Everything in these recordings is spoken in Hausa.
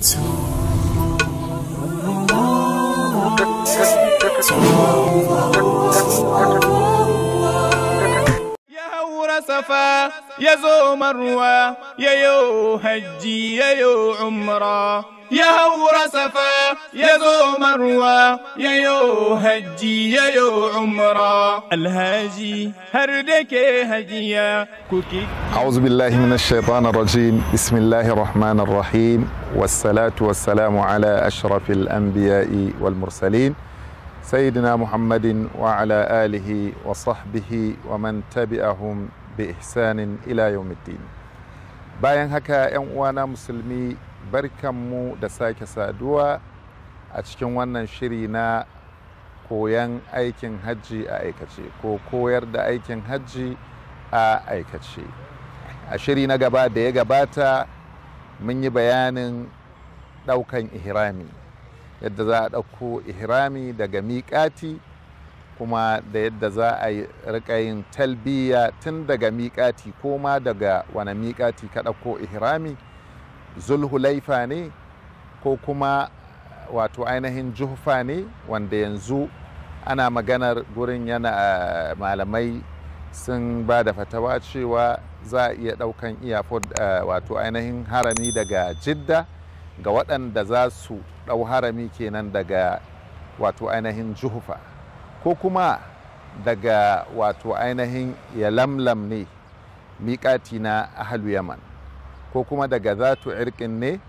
to Two. arfa يا زو marwa يا يو hajji يا يو umra يا هو safa يا زو marwa يا يو hajji يا يو umra الهاجي هردك da ke أعوذ بالله من الشيطان الرجيم بسم الله الرحمن الرحيم والصلاة والسلام على أشرف الأنبياء والمرسلين سيدنا محمد وعلى آله وصحبه ومن تبعهم bi ihsanin ila bayan haka 'yan uwana musulmi barkan mu da sake saduwa a cikin wannan shiri na koyan aikin hajji a aikace ko koyar da aikin hajji a aikace a shiri na gaba da ya gabata mun yi bayanin daukan ihrami yadda za a ɗauko ihrami daga miƙati kuma da yadda za a yi yin talbiya tun daga miƙati ko ma daga wani miƙati kaɗa ko ihrami zulhulaifa ne ko kuma wato ainihin juhfa ne wanda yanzu ana maganar gurin yana eh, malamai sun ba da fatawa cewa za a iya ɗaukan iyafod eh, wato ainihin harami daga jidda ga waɗanda za su ɗau harami kenan daga wato ainihin juhufa ko kuma daga wato ainihin ya lamlam ne miƙati na ahalu yaman ko kuma daga zatu irkin ne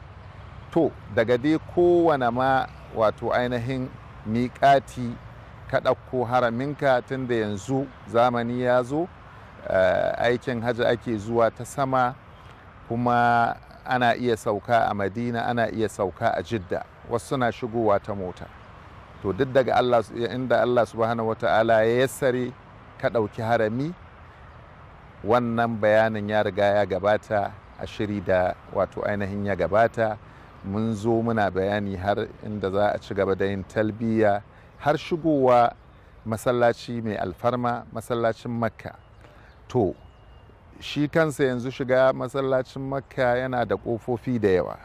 to daga dai kowane ma wato ainihin miƙati ka ɗauko haraminka tun da yanzu zamani ya zo eh, aikin hajji ake zuwa ta sama kuma ana iya sauka a madina ana iya sauka a jidda wasu na shigowa ta mota to duk daga Allah inda Allah subhanahu wata'ala ya yassare ka ɗauki harami wannan bayanin ya riga ya gabata a shiri da wato ainihin ya gabata mun zo muna bayani har inda za a ci gaba da yin talbiya har shigowa masallaci mai alfarma masallacin makka to shi kansa yanzu shiga masallacin makka yana da ƙofofi da yawa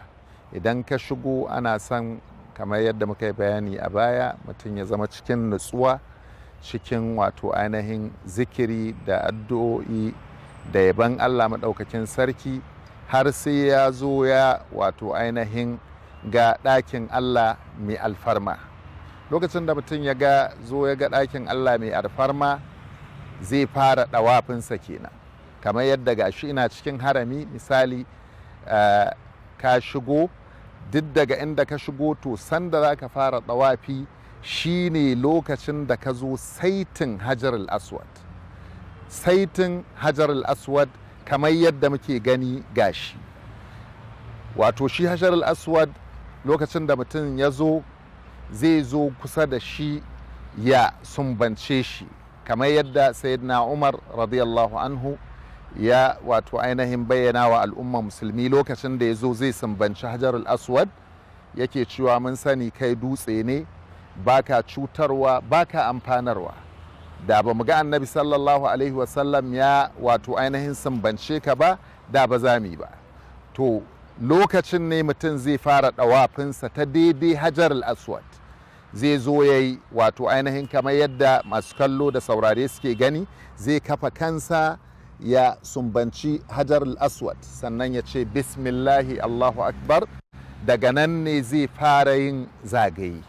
idan ka shigo ana san. kamar yadda muka yi bayani a baya mutum ya zama cikin nutsuwa cikin wato ainihin zikiri da addu'o'i da yaban allah maɗaukakin sarki har sai ya zo ya wato ainihin ga ɗakin allah mai alfarma lokacin da mutum ya ga zo ya ga ɗakin allah mai alfarma zai fara ɗawafinsa kenan kamar yadda gashi ina cikin harami misali eh, ka shigo duk daga inda ka shigo to sanda za ka fara shi shine lokacin da ka zo saitin hajar aswad saitin hajar aswad kamar yadda muke gani gashi wato shi hajar aswad lokacin da mutum ya zo zai zo kusa da shi ya sumbance shi kamar yadda sayyidina umar radiyallahu anhu ya wato ainihin bayyana wa al'umma musulmi lokacin da ya zo zai sumbanci hajar aswad yake cewa mun sani kai dutse ne baka cutarwa baka amfanarwa da ba mu ga annabi sallallahu alaihi wasallam ya wato ainihin sumbance ka ba da ba za mu yi ba to lokacin ne mutum zai fara ɗawafinsa ta daidai hajar aswad zai zo ya yi wato ainihin kamar yadda masu kallo da saurare suke gani zai kafa kansa ya sumbanci hajar al-aswad sannan ya ce bismillahi allahu akbar daga nan ne zai fara yin zagaye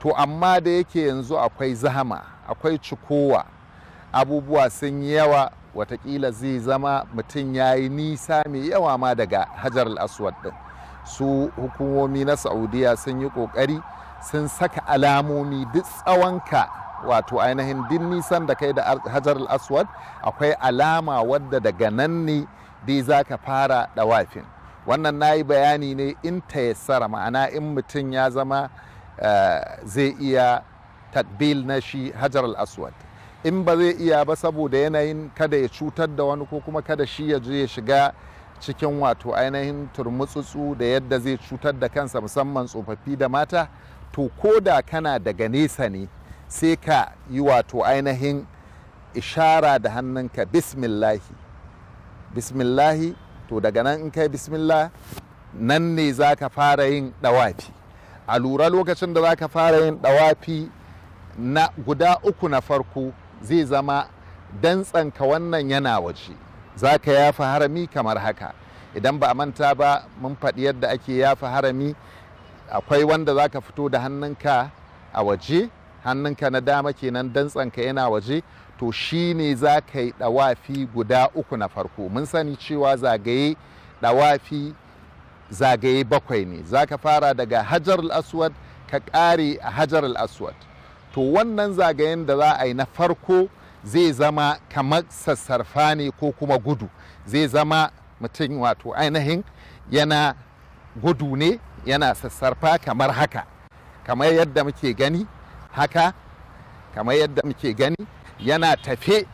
to amma da yake yanzu akwai zahama akwai cikowa abubuwa sun yi yawa watakila zai zama mutum ya yi nisa mai yawa ma daga hajar al-aswad din su hukumomi na saudiya sun yi kokari sun saka alamomi duk tsawonka wato ainihin din nisan da kai da hajar aswad akwai alama wadda daga nan ne dai za ka fara dawafin wannan na yi bayani ne in yassara ma'ana in mutum ya zama eh, zai iya tadbil na shi hajar aswad in ba zai iya ba saboda yanayin kada ya cutar da wani ko kuma kada shi ya je ya shiga cikin wato ainihin turmutsutsu da yadda zai cutar da kansa musamman tsofaffi da mata to ko da kana daga nesa ne sai ka yi wato ainihin ishara da hannunka bismillahi bismillahi to daga nan in kai bismillah nan ne za ka fara yin dawafi a lura lokacin da za ka fara yin dawafi na guda uku na farko zai zama dantsanka wannan yana waje za ka yafa harami kamar haka idan ba a manta ba mun faɗi yadda ake yafa harami akwai wanda za ka fito da hannunka a waje hannunka na dama kenan dantsanka yana waje to shi ne za ka yi ɗawafi guda uku na farko mun sani cewa zagaye ɗawafi zagaye bakwai ne za ka fara daga hajar aswad ka ƙare a hajar aswad to wannan zagayen da za a yi na farko zai zama kamar sassarfa ne ko kuma gudu zai zama mutum wato ainihin yana gudu ne yana sassarfa kamar haka kamar yadda muke gani haka kamar yadda muke gani yana tafe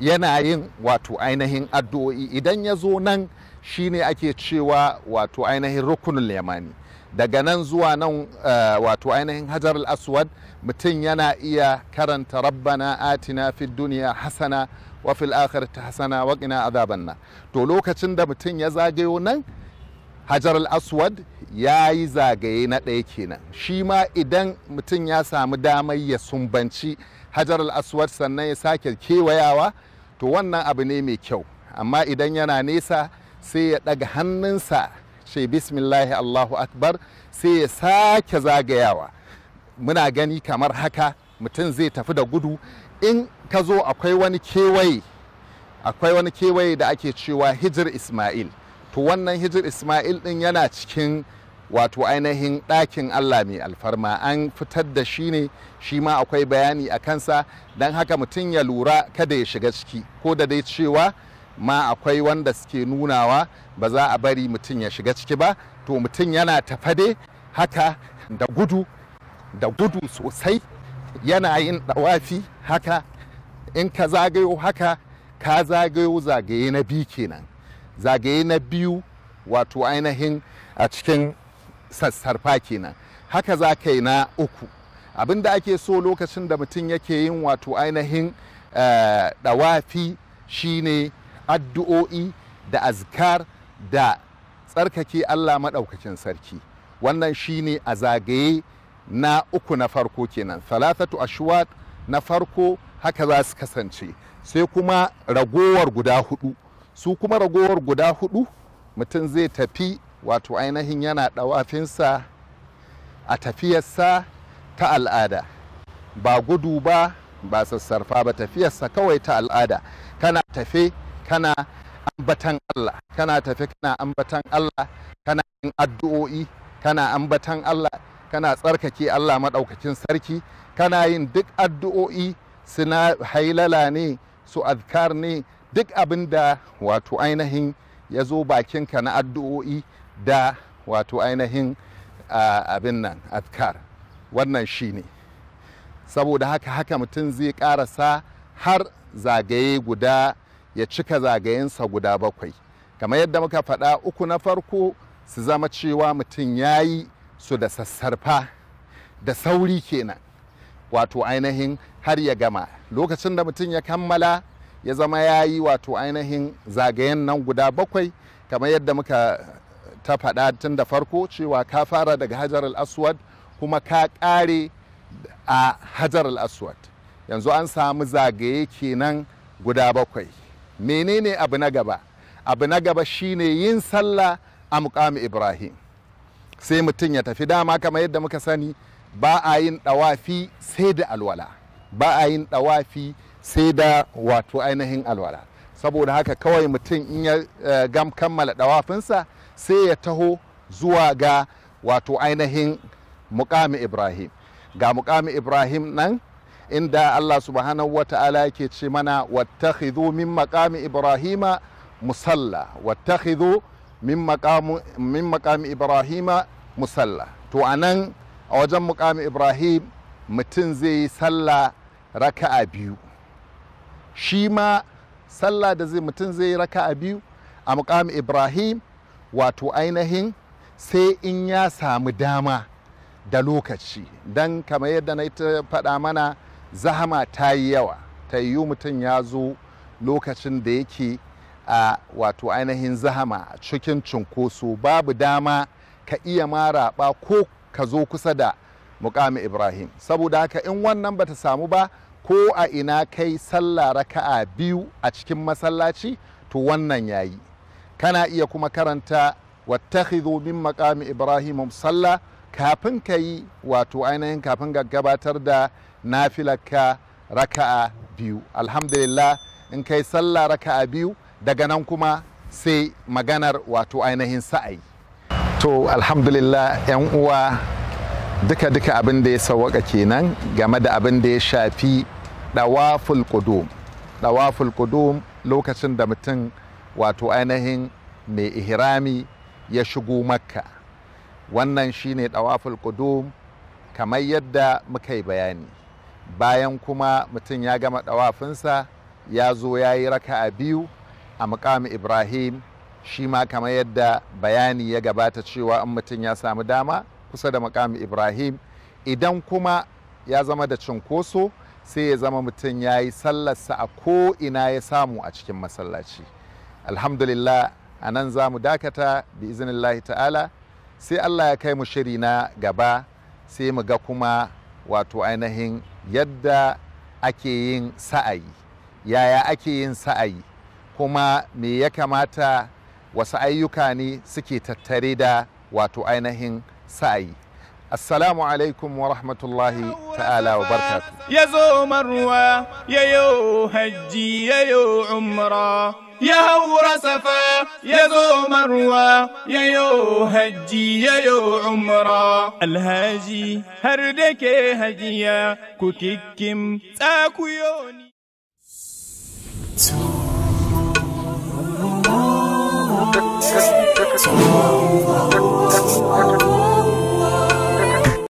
yana yin wato ainihin addu'o'i idan ya zo nan shine ake cewa wato ainihin rukunin yamani daga nan zuwa nan eh, wato ainihin hajar al-aswad mutum yana iya karanta rabbana atina fi duniya hasana wa fil akhirati hasana wa qina azabanna to lokacin da mutum ya zagayo nan hajar al-aswad ya yi zagaye na ɗaya kenan shi ma idan mutum ya samu damar ya sumbanci hajar al-aswad sannan ya sake kewayawa to wannan abu ne mai kyau amma idan yana nesa sai ya ɗaga hannunsa ce bismillahi allahu akbar sai ya sake zagayawa muna gani kamar haka mutum zai tafi da gudu in ka zo akwai wani kewaye akwai wani kewaye da ake cewa hijir ismail to wannan hijir ismail din yana cikin wato ainihin ɗakin allah mai alfarma an fitar da shi ne shi ma akwai bayani a kansa don haka mutum ya lura kada ya shiga ciki ko da dai cewa ma akwai wanda suke nunawa ba za a bari mutum ya shiga ciki ba to mutum yana tafade haka da gudu da gudu sosai yana yin ɗawafi haka in ka zagayo haka ka zagayo zagaye na biyu kenan zagaye na biyu wato ainihin a cikin sassarfa kenan haka za ka yi na uku abin da ake so lokacin da mutum yake yin wato ainihin dawafi eh, shine addu'o'i da azkar da tsarkake allah maɗaukacin sarki wannan shine a zagaye na uku na farko kenan salatatu ashwat na farko haka za su kasance sai kuma ragowar guda hudu su kuma ragowar guda hudu mutum zai tafi wato ainihin yana dawafinsa a tafiyarsa ta al'ada ba gudu ba ba sassarfa ba tafiyarsa kawai ta al'ada kana tafe kana ambatan Allah kana tafe kana ambatan Allah kana yin addu'o'i kana ambatan Allah kana tsarkake Allah maɗaukakin sarki kana yin duk addu'o'i suna hailala ne su adkar ne duk abin da wato ainihin ya zo bakinka na addu'o'i da wato ainihin abin nan adkar wannan shi ne saboda haka haka mutum zai karasa har zagaye guda ya cika zagayensa guda bakwai kamar yadda muka faɗa uku na farko su zama cewa mutum ya yi su da sassarfa da sauri kenan wato ainihin har ya gama lokacin da mutum ya kammala ya zama ya yi wato ainihin zagayen nan guda bakwai kamar yadda muka ta faɗa tun da farko cewa ka fara daga hajar al-aswad kuma ka ƙare a hajar al-aswad yanzu an samu zagaye kenan guda bakwai menene abu na gaba abu na gaba shine yin sallah a muƙami ibrahim sai mutum ya tafi dama kamar yadda muka sani ba a yin ɗawafi sai da alwala ba a yin ɗawafi sai da wato ainihin alwala saboda haka kawai mutum in ya eh, gam kammala dawafinsa sai ya taho zuwa ga wato ainihin mukami ibrahim ga mukami ibrahim nan inda allah subhanahu wa ta'ala yake ce mana wattakhidhu min maqami ibrahima musalla wattakhidhu min min maqami ibrahima musalla to anan a wajen mukami ibrahim mutum zai yi sallah raka'a biyu shi ma sallah da zai mutum zai raka a biyu a mukamin ibrahim wato ainihin sai in ya samu dama da lokaci don kamar yadda na ita faɗa mana zahama ta yi yawa ta yiwu mutum ya zo lokacin da yake a wato ainihin zahama cikin cunkoso babu dama ka iya maraɓa ko ka zo kusa da mukamin ibrahim saboda haka in wannan bata samu ba ko a ina kai sallah raka'a biyu a cikin masallaci to wannan yayi kana iya kuma karanta wattakhidhu min maqami ibrahim sallah kafin ka yi wato ainihin kafin gabatar da nafilarka raka'a biyu alhamdulillah in kai sallah raka'a biyu daga nan kuma sai maganar wato ainihin sa'ai to alhamdulillah 'yan uwa duka-duka abin da ya sawaka kenan game da abin da ya shafi dawaful qudum dawaful qudum lokacin da mutum wato ainihin mai ihrami ya shigo makka wannan shine dawaful qudum kamar yadda muka yi bayani bayan kuma mutum ya gama dawafinsa ya zo ya yi a biyu a muƙami ibrahim shi ma kamar yadda bayani ya gabata cewa in mutum ya samu dama kusa da makami ibrahim idan kuma ya zama da cinkoso sai ya zama mutum ya yi sallarsa a ko'ina ya samu a cikin masallaci alhamdulillah a nan za mu dakata bi izinillahi ta'ala sai allah ya kai mu shiri na gaba sai mu ga kuma wato ainihin yadda ake yin sa'ayi yaya ake yin sa'ayi kuma me ya kamata wasu ayyuka ne suke tattare da wato ainihin سعي السلام عليكم ورحمة الله تعالى وبركاته يا زو مروة يا يو هجي يا يو عمرة يا هور سفا يا زو مروة يا يو هجي يا يو عمرة الهاجي هردك هجيا oh, oh, Oh,